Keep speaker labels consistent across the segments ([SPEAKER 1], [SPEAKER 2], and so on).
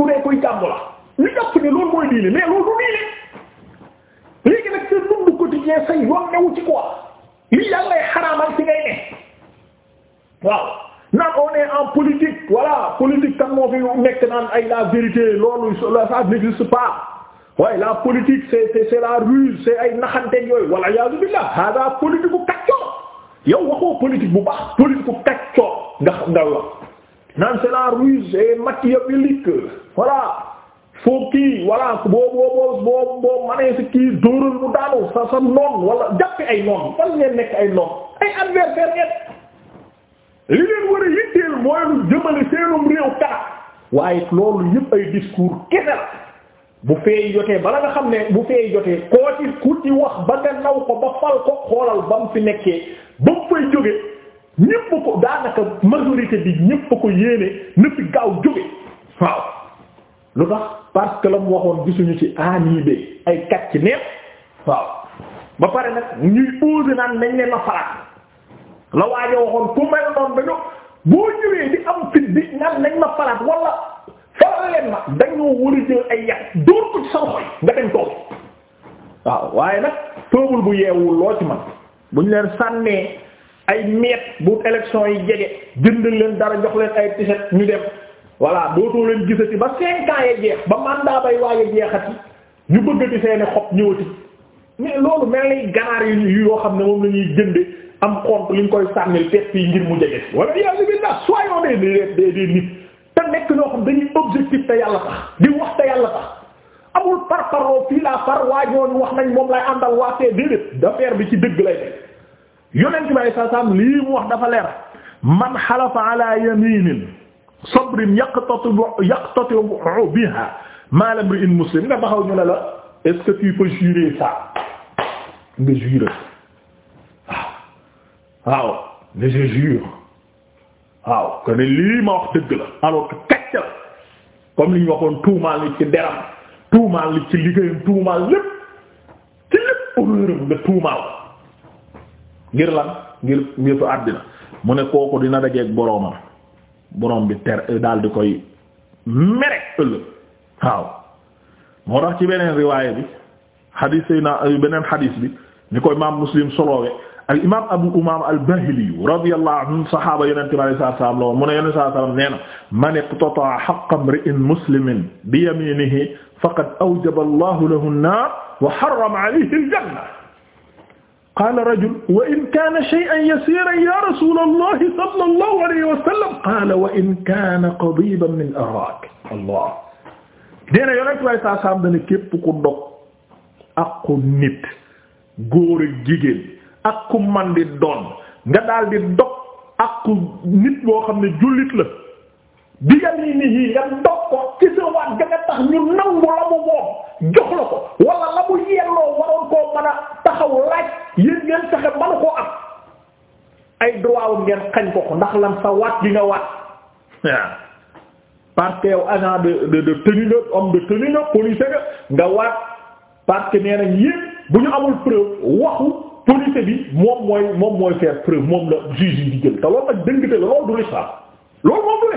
[SPEAKER 1] ku ne kuy gàmmu la ñu jàpp ne loolu mooy diine mais loolu du diine léegi nag sa dund quotidien sa yoon newu ci quoi li yàlla lay xaraamal ci ngay ne waaw naan on est en politique voilà politique kan moo fi nekk naan ay la vérité loolu ça n'existe pas waaye la politique c'est c'est la ruse c'est ay naxante yooyu wala yaa billah hada politique bu yow waxoo politique bu baax politique bu nga nga wax naan c'est la ruse c'est machiavélique voilà foo kii voilà boo boo nekk ay noon ay adversaire ngeen li leen waaye loolu yëpp ay discours kese bu feey jotee bala nga xam ne bu feey jotee koo ci ku ci wax ba nga naw ko ba fal ko xoolal ba mu fi nekkee ba mu fay jóge ñëpp ko daanaka majorité bi ñëpp ko yéene na gaaw jóge waaw lu tax parce que la mu waxoon gisuñu ci anibe ay kat ci neex waaw ba pare nag ñuy ose naan nañ leen la falaat la waaje waxoon ku mel noonu dañu boo ñëwee di am fit bi naan nañ ma falaat wala faral leen ma dañoo war ay yàq dóor ko ci sa xoy nga dem toog waaw waaye nag toogul bu yeewul loo ci man buñ leen sànnee ay meet bu élection yi jege jëndal leen dara jox leen ay ticket ñu dem voilà dootoo leen gisati ba cinq ans ya jeex ba mandat bay waaye jeexati ñu bëggati seeni xob ñëwati mais loolu mel ni ganaar yi yoo xam ne moom lañuy ñuy jënde am xont li ñu koy sànnil pepp yi ngir mu jege wala yàlla bi ndax soyons des des nit te nekk ñoo xam dañuy objectif te yàlla tax di wax te yàlla tax amul par paroo fii laa far waajoon wax nañ moom lay àndal waa see déedéet d'affaire bi ci dëgg lay def yonent bi sallallahu alayhi lii mu wax dafa leer man xalafa sabrin yaqtatibu yaqtatibu biha ma lam ri'in muslim nga taxaw ñu ne la est-ce que tu peux jurer ça nga jure waaw waaw ne je jure waaw que ne lii ma wax dëgg la alors que kacc la comme li ñu waxoon tuumaal li ci deram tuumaal li ci liggéey tuumaal lépp ci lépp honneuram nga tuumaal ngir lan ngir ngir fa àddina mu ne kooku dina dajeek boroomam borom bi ter euh, daal di koy mere ëllëg waaw moo tax ci beneen riwaaya bi xadiis sayna euh, beneen xadiis bi ni ko imaam muslim soloowe al imaam abu umaama al bahili radiyallahu anhu saxaaba yonent bi alayhi salaam la mu ne yonent saa salaam nee na man iqtata'a haqqa imri'in muslimin bi yaminihi faqad awjaba allahu lahu an-naar wa harrama alayhi al-janna qaala rajul wa in kaana shay'an yasiran ya rasulallahi sallallahu alayhi wa sallam qaala wa in kaana qadiban min araak allah dina yonent way saa saam dana képp ku dog ak ku nit góor ak jigéen ak ku man di doon nga daal di dog ak ku nit boo xam ne jullit la bi yaminihi nga dog ko ci sa waat ga nga tax ñu nangu la mu moom jox la ko wala la mu yelloo waroon koo mën a taxaw laaj yéen ngeen fexe manu koo am ay droit am ngeen xañ ko ko ndax lan sa waat gi nga waat parce que yow agent de de de tenue nga homme de tenue nga policier nga nga waat parce que nee bu ñu amul preuve waxu mooy moom mooy faire preuve moom la juge yi di la loolu du l'islam loolu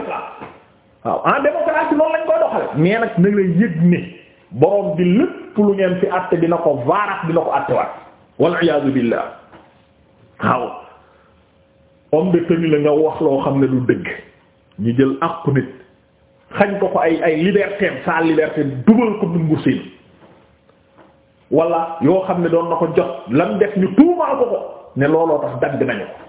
[SPEAKER 1] lay yëg ne. borom bi lépp lu ngeen fi àtte dina ko vaaraat dina ko àttewaat wal iyaazu billaah waaw homme de la nga wax loo xam ne du dëgg ñu jël àqu nit xañ ko ko ay ay liberté sa liberté dugal ko dungu siin wala yoo xam ne doon na ko jot lam def ñu tuumaal ko ko ne looloo tax dagg nañu ko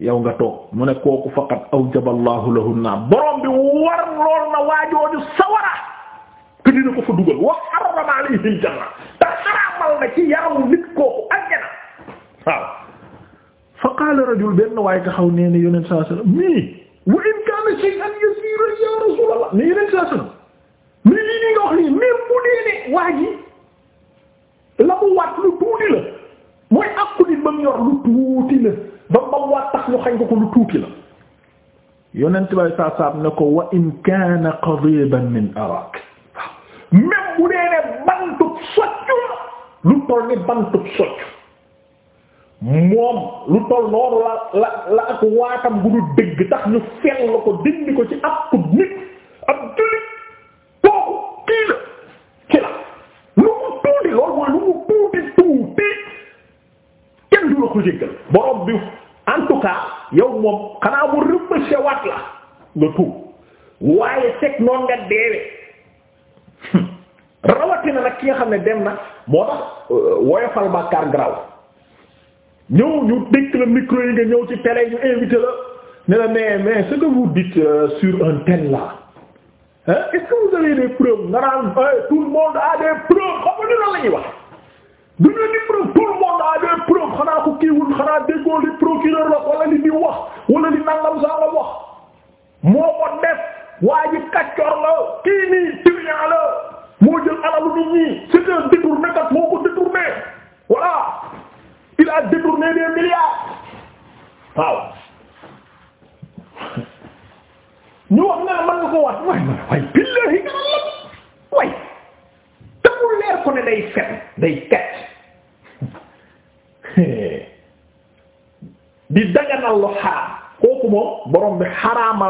[SPEAKER 1] yow nga toog mu ne kooku faqat awjaba allahu lahunna borom bi war lool na waajooju sawara te dina ko fa dugal wa harrama alayhil janna te xaraamal na ci yaramu nit kooku aljana waaw fa qaala rajul benn waaye nga xaw nee ne yonent saa sallam wax lu tuuti la mooy àqu nit ba mu lu tuuti la ba ba tax ñu xañ ko lu tuuti la yonent bay saa saam ko wa in kaana min arak même bu dee ne bantub soccu lu toll ni bantub soccu moom lu toll noonu la la la ak waatam bu dëgg tax ñu fell ko dindi ko ci ab tub nit ab jullit kooku kii la ki la lu mu tuuti loolu mooy lu mu tuuti tuuti kenn du la ko jéggal borom bi en yow moom xanaa mu rëbb sewaat la nga tuub waaye teg noon nga deewee rawatina nag ki nga xam ne dem na moo tax euh, woyofal bàkkaar graw ñëw ñu dëkk la micro yi nga ñëw ci télé ñu invité la ne la mais mais ce que vous dites euh, sur un tel là hein est-ce que vous avez des preuves nga eh, monde a des preuves xam nga ni wax du ñu ni preuve monde a des preuves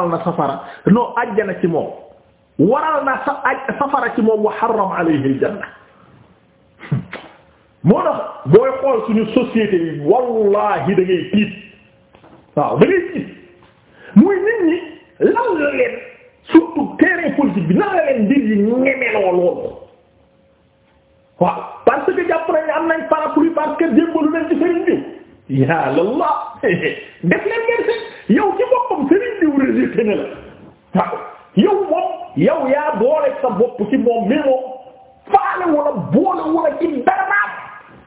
[SPEAKER 1] waral na safara non ajjana ci moom waral na safara ci moom wa harram alayhi aljanna moo tax booy xool suñu société yi wallahi da tiit waaw da tiit muy nit ñi lan la leen surtout terrain politique bi lan leen mbir yi ñemeloo loolu waaw parce jàpp nañ am nañ parapluie parce que jébbalu leen ci sëriñ bi yaa lallah def leen ngeen seen yow ci boppam Serigne diw rejeté ne la yow moom yow yaa boole sa bopp ci moom mais moom faale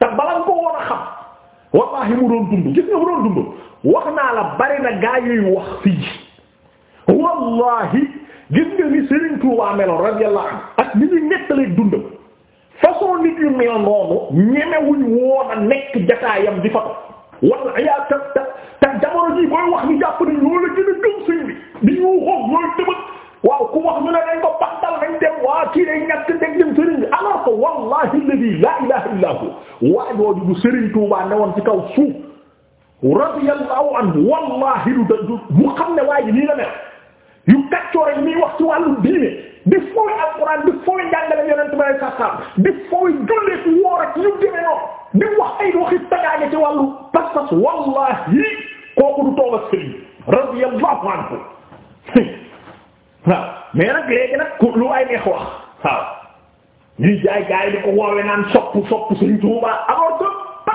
[SPEAKER 1] a wallahi mu doon dund gis nga mu doon dund wax naa la bari na gaa wax fii wallahi gis nga ni Serigne Touba meloon radiyallahu anhu ak ni ñu nettalee dundam façon nit yu mel noonu ñemewuñ woon a nekk jataayam di fa ko wala yaa ta jamono ji booy wax ñu jàpp ni ñoo la gën a gëm sëñ bi di ñu xoog ñooy tëbët waaw ku wax ñu ne dañ ko bantal nañ dem waa kii day ñàkk deg jëm sëriñ bi alors que wallahi alladhi la ilaha illa hu waa jooju bu sëriñ Tuubaa ne woon ci kaw suuf radiyallahu anhu wallahi du dadu mu xam ne waa ji nii la mel yu kaccoore miy wax ci wàllu diine di fooy alquran di fooy njàngale yonent ba ay sasam di fooy julleeku woor ak ñu demee noonu di wax ay waxi tagaage ci wàllu pas-pas wallahi kooku du toog ak sëriñ radiyallahu anhu waaw mais nag léegi nag ku lu ay neex wax waaw ñuy jaay jaay di ko woowe naan sopp sopp sëriñ Tuuba alors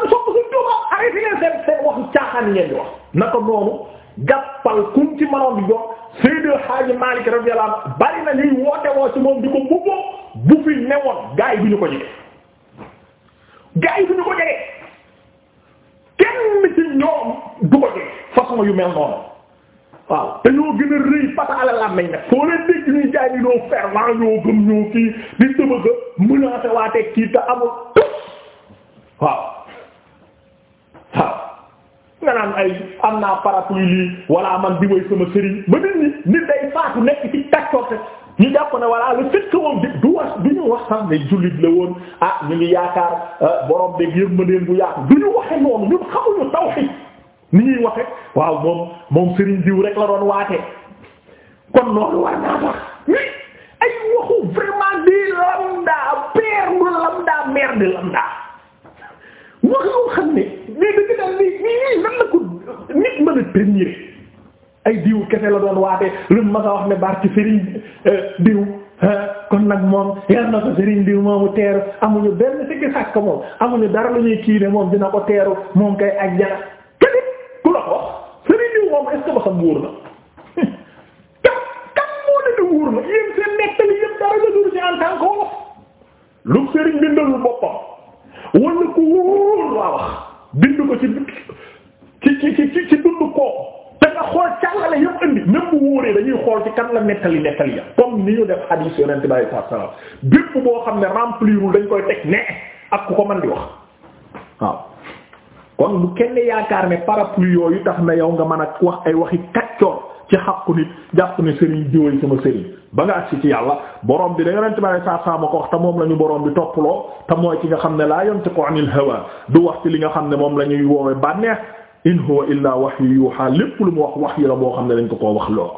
[SPEAKER 1] sopp sëriñ Tuuba arrêté leen seen seen waxu caaxaan ngeen di wax naka noonu jàppal kuñ ci manoon bi jox Seydi Haaji Malik radiyallahu anhu bari na ñuy woote bu fi newoon gaa yi ñu ko jege gaa yi ñu ko jege kenn ci ñoom du façon yu mel noonu waaw te ñoo gën a rëy pata ala la meñ nag ni ñoo fervent ñoo gëm ñoo kii di dëbëgg menacé waa teg kii te amul tus waaw waaw nga naan ay am naa parapluie lii wala man di way sama sëriñ ba nit ñi day faatu nekk ci tàccoor ñu jàpp ne voilà le fait que du wax du ñu wax sax ne jullit la woon ah ñu ngi yaakaar boroom de yërmandeen bu yaatu du ñu waxe noonu ñun xamuñu tawhid ni ñuy waxe waaw moom moom Serigne diw rek la doon waate kon noonu war naa wax ay waxu vraiment di lambda père du lambda mère wax yoo xam ne mais dañu daal nit mën a tenir ay diw kese la doon waatee lu ma nga wax ne baar sëriñ euh, diw kon nag moom yal na ko sëriñ diw moomu teeru amuñu benn siggi sàkk moom amuñu dara lu ñuy kii ne moom dina ko teeru moom kay ajjana kadib ku la ko wax sëriñ diw moom est-ce que ba na kam kam moo ne ni na yéen seen nettali yépp dara nga ci en tant que lu sëriñ bindalul boppam walla ku wóor laa wax bind ko ci ci ci ci dund koo xool càllale yëpp indi même wóoree dañuy xool ci kan la nettali nettali ya comme ni ñu def hadith yonent bi alayhi salaatu salaam bépp boo xam ne remplirul dañ koy teg ne ak ku ko man di wax waaw kon bu kenn yaakaar ne parapluie yu tax na yow nga mën a wax ay waxi kaccoor ci xaqu nit jàpp ne sëriñ jiwéy sama sëriñ ba nga si ci yàlla borom bi da yonent bi alayhi salaatu ko wax te moom la ñu borom bi toppaloo te mooy ci nga xam ne laa yonte ko hawa du wax ci li nga xam ne moom la ñuy woowe bànneex in huwa illa wahyu yuha lépp lu mu wax wax yi la boo xam ne dañ ko koo wax loo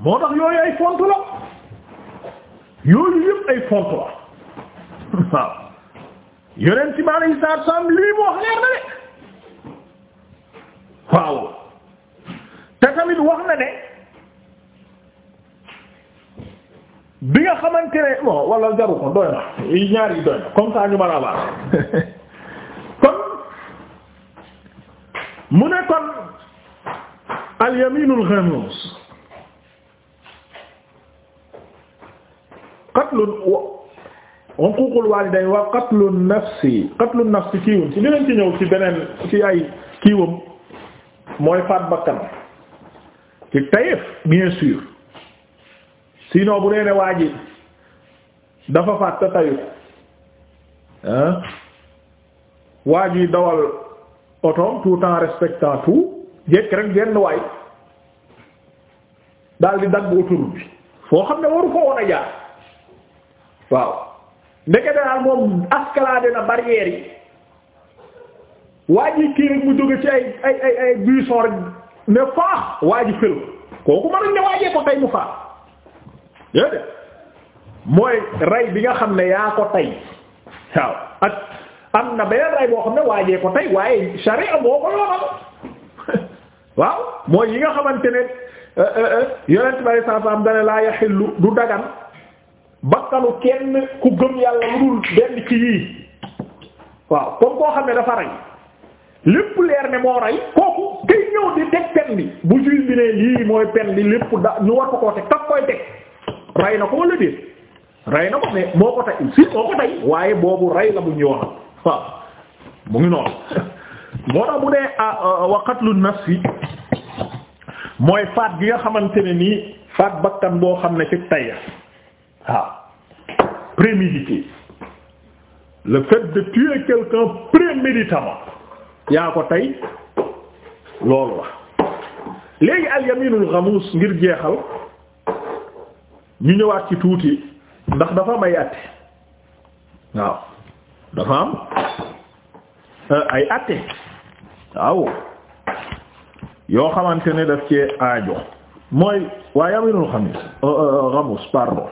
[SPEAKER 1] moo tax yooyu ay font la yooyu yëpp ay font la waaw yonent bi alayhi salaatu salaam lii mu wax leer na de waaw te tamit wax na ne bi nga xamante ne bon wala jaru ko doy na ñaar yi doy na comme ça ñu mën mu ne kon al yaminul ghamus qatlun wa uququl walidayn wa qatlun nafsi qatlun nafsi kiiwam ci dinañ ci ñëw ci beneen ci ay kiiwam mooy faat bakkan ci tayef bien sûr sinon bu dee ne waa dafa faat te tayu ah dawal oto tout en respectant tout jekk rek genn waay daal di dagg autoroute bi foo xam ne waru ko woon a jaar waaw ndeke daal moom escalade na barrière yi waa ji kii rek mu jóge ci ay ay ay ay buisson rek ne faax waa fël kooku mënuñ ne waajee ko tey mu faax déedéet mooy rey bi nga xam ne yaa ko tey waaw ak am na beneen ray boo xam ne waajee ko tey waaye sharia moo ko yoonal waaw mooy yi nga xamante ne euh, euh, euh, yonent bari saa saa am dana laa yaxillu du dagan bakkanu kenn ku gëm yàlla lu dul benn ci yii waaw comme koo xam ne dafa rey lépp leer ne moo rey kooku kay ñëw di teg pen bi bu juge bi ne lii mooy pen bi lépp da ñu war ko koo teg tax koy teg rey na ko walla déet rey na ko mais moo ko tey si moo waaye boobu rey la bu ñu yoonal waaw ngi noonu moo tax bu dee wa nafsi mooy faat gi nga xamante ne nii faat bakkan boo xam ne ci tayya waaw prémédité le fait de tuer quelqu'un préméditamment yaa ko tey loolu la léegi al yaminul ngir jeexal ñu ñëwaat ci tuuti ndax dafa may àtte waaw dafa am euh, ay atte waaw yoo xamante ne daf ci aajo mooy waa yaminul xamis euh, euh, xamus pardon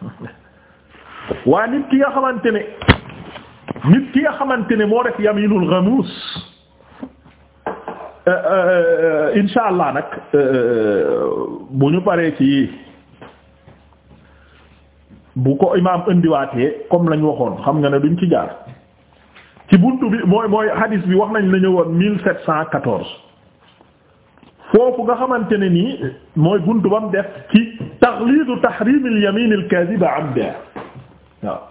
[SPEAKER 1] waa nit ki nga xamante ne nit ki nga xamante ne moo def yaminul xamus insha allah nag bu ñu paree kii bu ko imaam indiwaatee comme lañu waxoon xam nga ne duñ ci jaar ci bunt bi mooy mooy hadis bi wax nañ la woon mille sept cent quatorze foofu nga xamante ne nii mooy bunt ba mu def ci taxliidu tahrim al-yamin al-kadhiba amda waaw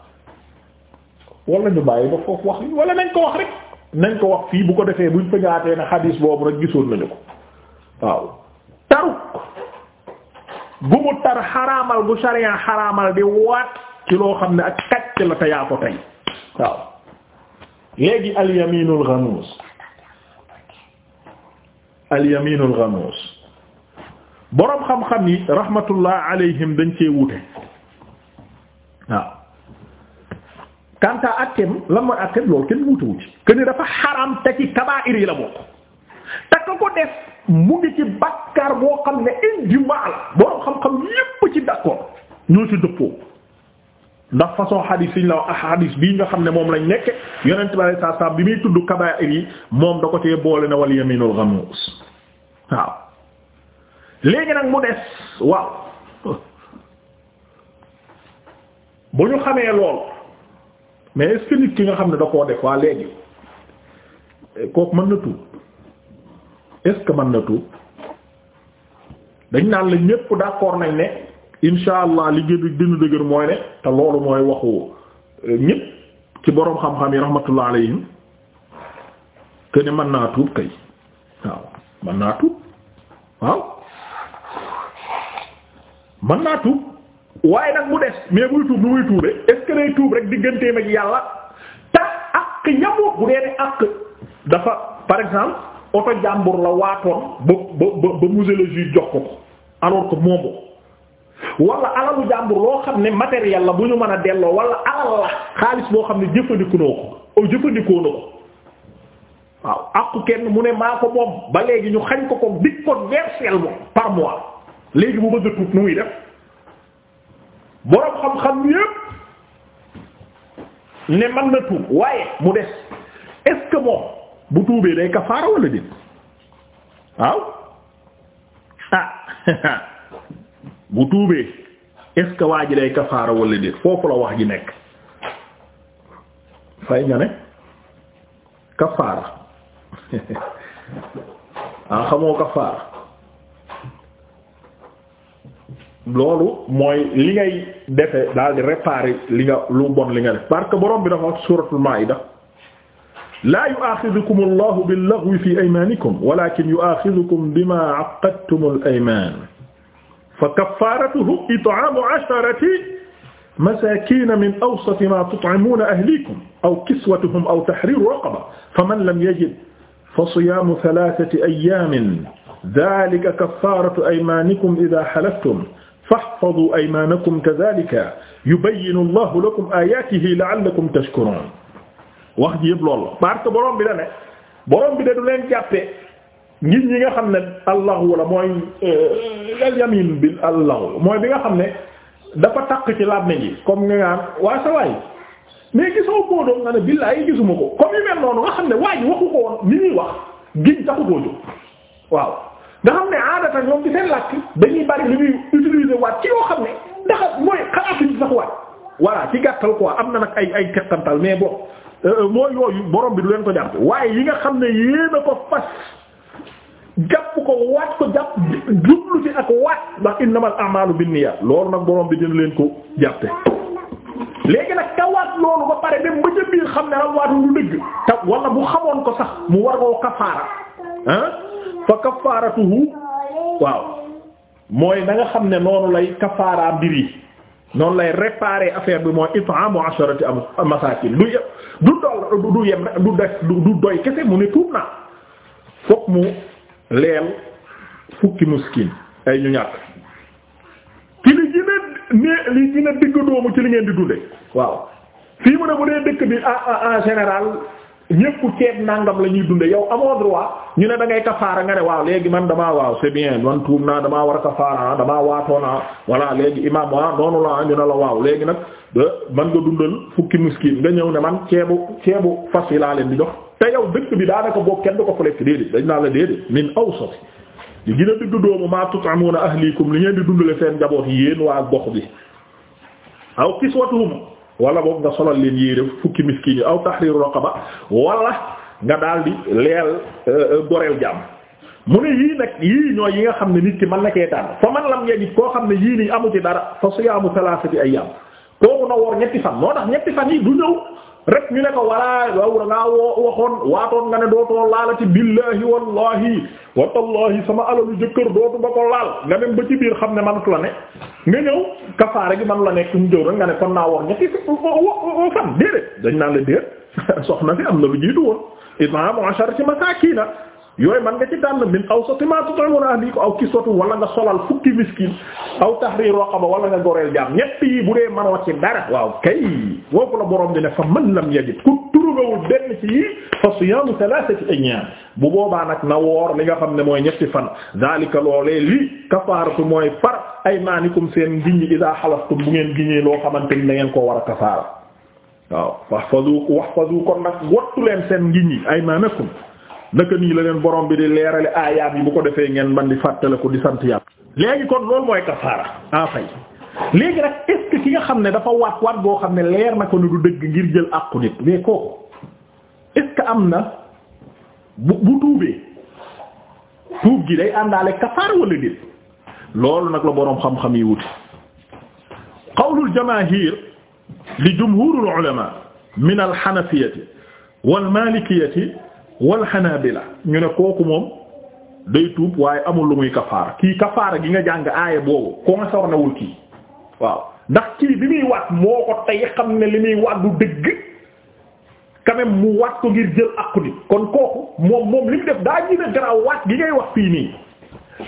[SPEAKER 1] wala ñu bàyyi ba foofu wax wala nañ ko wax rek nañ ko wax fii bu ko defee buñ fa ñaatee ne hadis boobu rek gisoon nañu ko waaw gu mu tar xaraamal gu sariya xaraamal di waat ci loo xam ne ak kàcc la te yaa ko tey waaw léegi alyaminul ghamus alyaminul ghamus boroom xam-xam yi rahmatullah alayhim dañ cee wuute waaw kanta attem lan mooy attem loolu kenn wuute wuute que dafa xaram te ci kabaa'ir la bokk te ko def mu ngi ci bakkaar boo xam ne ijmaa la borom xam-xam yépp ci d'accord ñoo ci dëppoo ndax façon xadiis yi bii nga xam ne moom lañ nekk yonent bi alayhi salaam bi muy tudd kabaa'ir yi moom da ko cee boole na wal yamiinul ghamuus waaw léegi nag mu des waaw bu ñu xamee lool mais est ki nga xam ne da koo def waa léegi kooku mën na tuub est-ce que mën na tuub dañ naan la ñépp d'accord nañ ne insha allah li gën dina dëgër mooy ne te loolu mooy waxu euh, ñépp ci boroom xam-xam yi rahmatullah alayhim que ne mën naa tuub kay waaw mën naa tuub waaye nag mu des mais buy tuub nu muy tuube est day tuub rek digganteem ak yàlla te ak ñamu bu dee ne ak dafa par exemple. oto jàmbur la waatoon ba ba ba musée jox ko ko alors que moom ko wala alalu jàmbur loo xam ne matériel la bu ñu mën a delloo wala alal la xaalis boo xam ne jëfandiku noo ko jëfandikoo na ko waaw àqu kenn mu ne maa ko moom ba léegi ñu xañ ko ko dig ko versel moom par mois léegi mu bëgg a tuub nu muy def boroom xam-xam yépp ne man na tuub waaye mu des est moom. bu tuubee day kafaara wala déet waaw ah bu tuubee est waa ji day kafaara wala déet foofu la wax ji nekk fay nga ne kafaara ah xamoo kafaara loolu mooy li ngay defe daal di réparer li nga lu bon li nga def parce que borom bi dafa wax suratul maida laa yu'aaxizukum allahu bil-laghwi fi aymaanikum walaakin yu'aaxizukum bimaa 'aqadtumul aymaan fa kaffaaratuhu it'aamu 'asharati masaakiina min awsati maa tut'imuuna ahliikum aw kiswatuhum aw tahriiru raqaba faman lam yajid fasiyaamu thalathati ayyaamin dhaalika kaffaaratu aymaanikum idhaa halaftum fahfazuu aymaanakum kadhaalika yubayyinu allahu lakum aayaatihi la'allakum tashkuruun wax ji yëpp loolu la parce que borom bi da ne borom bi da du leen jàppee ngir ñi nga xam ne allahu la mooy euh, al yamin bil allahu mooy bi nga xam ne dafa takk ci laab ji comme nga ngaan waa sa waay mais gisoo koo nga ne billaay gisuma ko comme yu mel noonu nga xam ne waa ji waxu ko woon ni ñuy wax giñ taxu koo waaw nga xam ne aadata ñoom ci seen làkk dañuy bari lu ñuy utiliser waat ci yoo xam ne ndax mooy xalaatuñ sax waat voilà ci gàttal quoi am na nag ay ay tekkantal mais bon Euh, euh, mooy yooyu borom bi du leen ko jàpp waaye yi nga xam ne yéen a ko fas jàpp ko waat ko jàpp jublu ci ak waat ndax innamal a'malu binniyat loolu nag borom bi dina leen ko jàppe léegi nag tawaat loolu ba pare dem ba ca biir xam ne rawaatu lu dëgg te wala bu xamoon ko sax mu war koo kafaara ah fa kafaaratuhu waaw mooy na nga xam ne noonu lay kafaara mbir yi noonu lay réparer affaire bi mooy it'amu asharati masakin du yem du dool du doy kese mu ne tuub naa fokk mu leel fukki miskin ay ñu ñàkk ci li gën a li gën digg doomu ci li ngeen di dunde waaw fii mu ne bu dee dëkk bi en en général ñépp ceeb nangam la ñuy dunde yow amoo droit ñu ne da ngay kafaara nga ne waaw léegi man damaa waaw c'est bien man tuum naa damaa war a kafaara ah damaa waatoona ah voilà léegi imam wa ah noonu la ñu ne la waaw léegi nag man nga dundal fukki miskin nga ñëw ne man ceebu ceebu fas yi laa leen di jox te yow dëkk bi daanaka boo kenn du ko flekk déedéet dañ naa la déedéet min awsat li gën a digg doomu maa tut'amuna ahlikum li ngeen di dundale seen njaboot yi yéen waa gox bi aw wala boobu nga solal leen yére fukki miskiin yi aw tahriru raqaba wala nga daal di leel euh, euh, goreel jàmm mu ne yii nag yii ñooy yi nga xam ne nit ki man na kee tànn fa man la lam yajid koo xam ne yii nii amu ci dara fa siyaamu salaasati ayyaam kooku na woor ñetti fan moo tax ñetti fan yi du ñëw rek ñu ne ko walaa waw dangaa woo waxoon waatoon nga ne dootoo laala ci billahi wallahi wa tallahi sama alalu jëkkër dootu ba ko laal nga dem ba ci biir xam ne manut la ne nga ñëw kafaare gi manu la nekk ñu jëw rek nga ne kon naa wax ñetti fan déedéet dañ naan la déet soxna fi am na lu jiitu woon it'aamu ashar ci masakina yooyu man nga ci tànn min awsati ma tut'imuna ahlikum aw kiswatu wala nga solal fukki miskin aw tahrir raqaba wala nga goreel jaam ñett yi bu dee manoo ci dara waaw kay foofu la boroom di ne fa man lam yajid ku turugawul benn ci yi fa siyamu thalathati ayyam bu boobaa nag na woor li nga xam ne mooy ñetti fan zalika loolee lii kafaaratu mooy par aymaanikum seen ngiññi idaa xalaftum bu ngeen giñee loo xamante ni da ngeen koo war a kafaara waaw wax fazu nag wattu leen seen ngiññi aymaanakum naka nii la leen borom bi di leerale aayaat yi bu ko defee ngeen man di fàttale ko di sant yàlla léegi kon loolu mooy kafaara en fay léegi nag est ki nga xam ne dafa wat waat boo xam ne leer na ko ne du dëgg ngir jël àqu nit mais kooku est am na bu bu tuubee tuub gi day àndaale kafaara wala déet loolu nag la boroom xam-xam yi wuti qawlul jamaahir li jumhurul ulama min al hanafiyyati wal malikiyati wal la ñu ne kooku moom day tuub waaye amul lu muy kafaara kii kafaara gi nga jàng aaya boobu concerné wul kii waaw ndax kii bi muy waat moo ko tey xam ne li muy waat du dëgg quand mu waat ko ngir jël àqu nit kon kooku moom moom li mu def daa gën garaaw waat gi ngay wax fii nii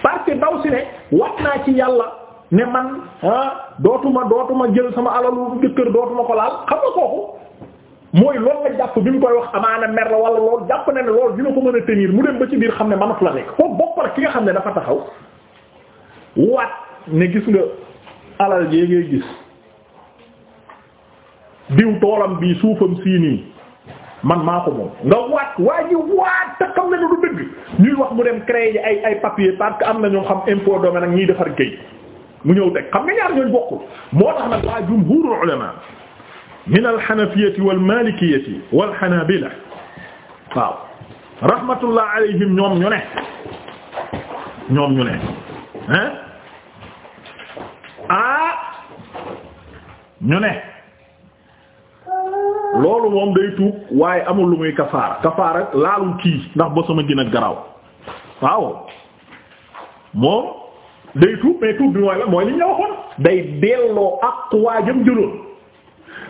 [SPEAKER 1] parce ndaw si ne waat naa ci yàlla ne man ah dootuma dootuma jël sama alalu jëkkër dootuma ko laal xam nga kooku mooy loolu la jàpp bi mu koy wax amaana mer la wala loolu jàpp na ne loolu dina ko mën a tenir mu dem ba ci biir xam ne manatu la nekk foofu bokk na ki nga xam ne dafa taxaw waat ne gis nga alal jee ngay gis diw toolam bi suufam sii man maa ko moom nga waat waa ji waat te xam ne du dëgg ñuy wax mu dem créer ay ay papier parce que am na ñoo xam impôt domaine ak ñiy defar géej mu ñëw teg xam nga ñaar ñooñ bokkul moo tax nag waa jumhurul ulama min alxanafiyati walmalikiyati walxanabila waaw rahmatullah alayhim ñoom ñu ne ñoom ñu ne hein ah ñu ne loolu moom day tuub waaye amul lu muy kafaara kafaara laalul kii ndax ba sama gën a garaaw waaw moom day tuub mais tuub bi mooy la mooy li ñu la waxoon day delloo ak waajam jëloon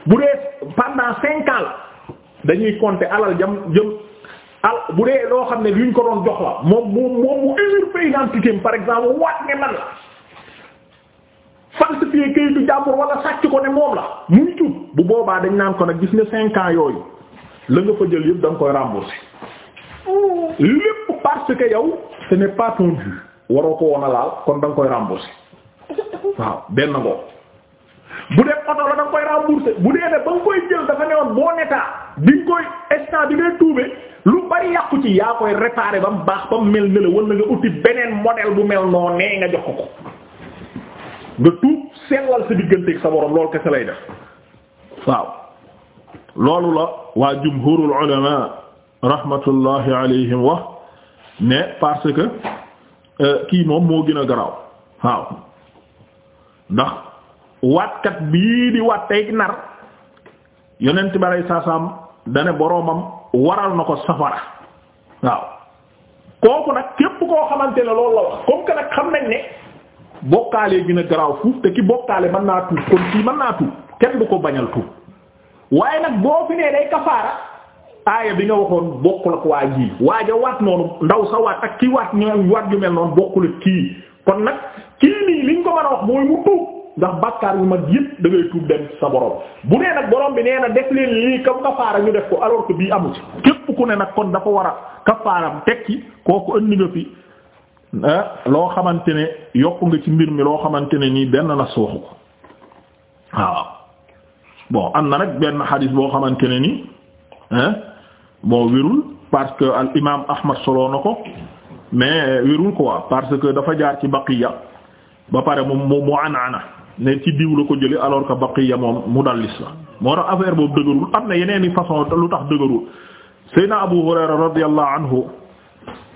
[SPEAKER 1] bu dee pendant cinq ans dañuy compter alal jam jëm al bu dee loo xam ne luñ ko doon jox la moom moom moom mu usurper identité par exemple waat ne man la falsifier kayitu jàmbur wala sàcc ko ne moom la muy tuub bu boobaa dañ naan ko nag gis ne cinq ans yooyu la nga fa jël yëpp danga koy rembourser lépp parce que yow ce n'est pas waroo ko woon a laal kon danga koy rembourser waaw benn ngoog bu dee oto la da nga koy rembourser bu dee ne ba nga koy jël dafa newoon bon état bi nga koy instant bi ngay tuube lu bari yàqu ci yaa koy réparer ba mu baax ba mu mel ne la wala nga uti beneen modèle bu mel noo nee nga jox ko nga tuub sellal sa digganteeg sa borom loolu kese lay def waaw loolu la waa jumhurul ulama rahmatullahi alayhim wax ne parce que euh, kii moom moo gën a garaaw waaw ndax waatkat bii di waat tey nar yonent bi alay saasaam dane boroomam waral na ko safara waaw kooku nag képp koo xamante ne loolu la wax comme que nag kii mën naa ko bañal tuub waaye bi nga waxoon bokkul ak waa ji ndaw sa waat ak ki waat ñu waat yu mel ko mën a wax mooy mu tuub ndax bàkkaar yu mag yëpp da tuub dem sa borom bu nee nag borom bi nee na def leen lii kam kafaara ñu def ko alors que bii amu képp ku ne nag kon dafa war a kafaaram tekki kooku ëndi fi ah, loo xamante ne yokku nga ci mbir mi loo xamante ne nii benn na sooxu ko waaw bon am na nag benn xadis boo xamante ne nii ah, bon wérul parce que al imaam Ahmad soloo ko mais wérul quoi parce que dafa jaar ci baqiya ba pare mu mu mu anaana ne ci diw la ko jële alors que baqiya moom mudallis la moo tax affaire boobu dëgërul am na yeneen i façon lu tax dëgërul Seydina Abu Hurayra radiyallahu anhu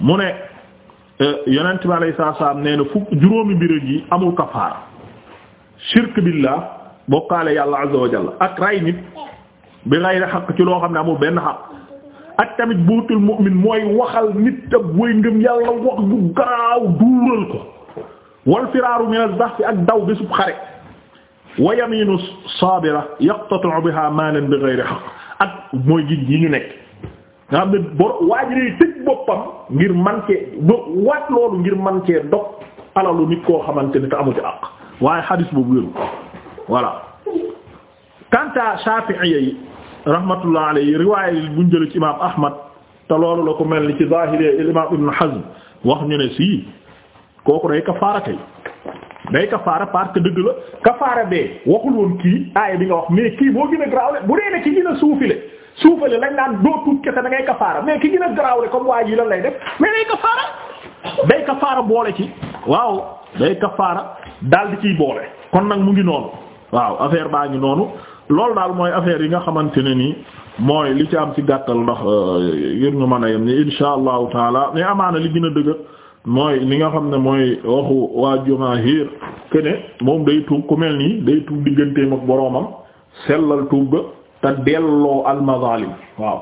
[SPEAKER 1] mu ne euh, yonent bi alayhi salaam nee na fukk juróomi mbir yi amul kafaara shirk billah bokkaale yàlla azza wa jalla ak ray nit bi ghayri xaq ci loo xam ne amul benn xaq ak tamit buutul mu'min mooy waxal nit ak way ngëm yàlla wax bu garaaw duural ko wal firaaru min az-zahf ak daw bésub xare wa yaminu sabira yaqtatu biha maalan bi ghayri haqq ak mooy gin yi ñu nekk nga xam ne bor waajiri ngir man cee waat loolu ngir man cee alalu nit koo xamante ne te amu ci àq waaye xadis boobu wéru voilà kanta Shafi'iyya yi rahmatullah alayhi riwaayé buñ jële ci imam Ahmad te loolu la ko mel ni ci zahiri imam Ibn Hazm wax ñu ne sii kooku day kafaara kay day kafaara parce que dëgg la kafaara bee waxul kii aaya bi nga wax mais kii boo gën a graawle bu dee ne ki gën a suufile suufale lañ naan doo tuub kese da kafaara mais ki gën a graawle comme waa ji lan lay def mais day kafaara day kafaara boole ci waaw day kafaara daal di ciy boole kon nag mu ngi noonu waaw affaire baa ngi noonu loolu daal mooy affaire yi nga xamante ne nii mooy li ci am ci gàttal ndax euh, ngir ñu mën a yem ni insha allahu taala amaana li gën a mooy li nga xam ne mooy waxu waa jumahir que moom day tuub ku mel nii day tuub digganteem ak boroomam sellal tuub ga te delloo almazalim waaw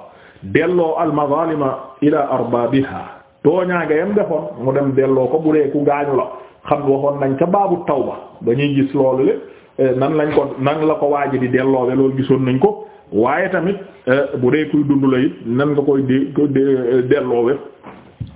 [SPEAKER 1] delloo almazalima ila arbabiha tooñaa nga yam defoon mu dem delloo ko bu dee ku gaañu la xam waxoon nañ ca baabu tawba dañuy gis loolu le eh, nan lañ ko nan la ko waaji di delloowe loolu gisoon nañ ko waaye tamit eh, bu dee kuy dund la it nan nga koy di eh, delloowe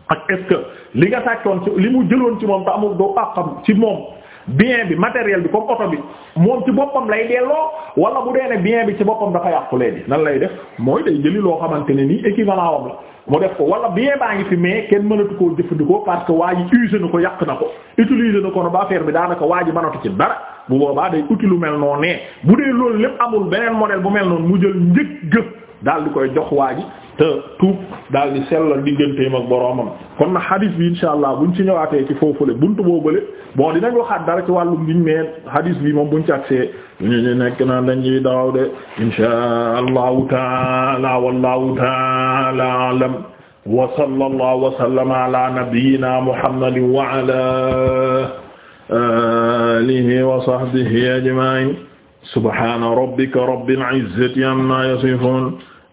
[SPEAKER 1] ak est-ce li nga sàccoon ci li mu jëloon ci moom te amul doo àqam ci moom bien bi matériel bi comme oto bi moom ci boppam lay delloo wala bu dee ne bien bi ci boppam dafa yàqu léegi nan lay def mooy day jëli loo xamante ne nii équivalent wam la mu def ko wala bien baa ngi fi mais kenn mënatu koo jëfandikoo parce que waa ji usé ko yàq na ko utilisé na ko no ba affaire bi daanaka waa ji mënatu ci dara bu boobaa day outil lu mel noonu nee bu dee loolu lépp amul beneen modèle bu mel noonu mu jël njëg daal di koy jox waa ji te tuub daal di sellal digganteem ak boroomam kon na xadis bi insha allah buñ ci ñëwaatee ci foofule buntu boobale bon dinañ waxaat dara ci wàllum liñ mais xadis bi moom buñ ci agsee ñu ñu nekk na dañuy daw de insha allahu taala wallahu taala alam wa sallallahu wa sallama ala nabiyyina muhammadin wa ala alihi wa sahbihi ajma'in subhana rabbika rabbil izzati amma yasifun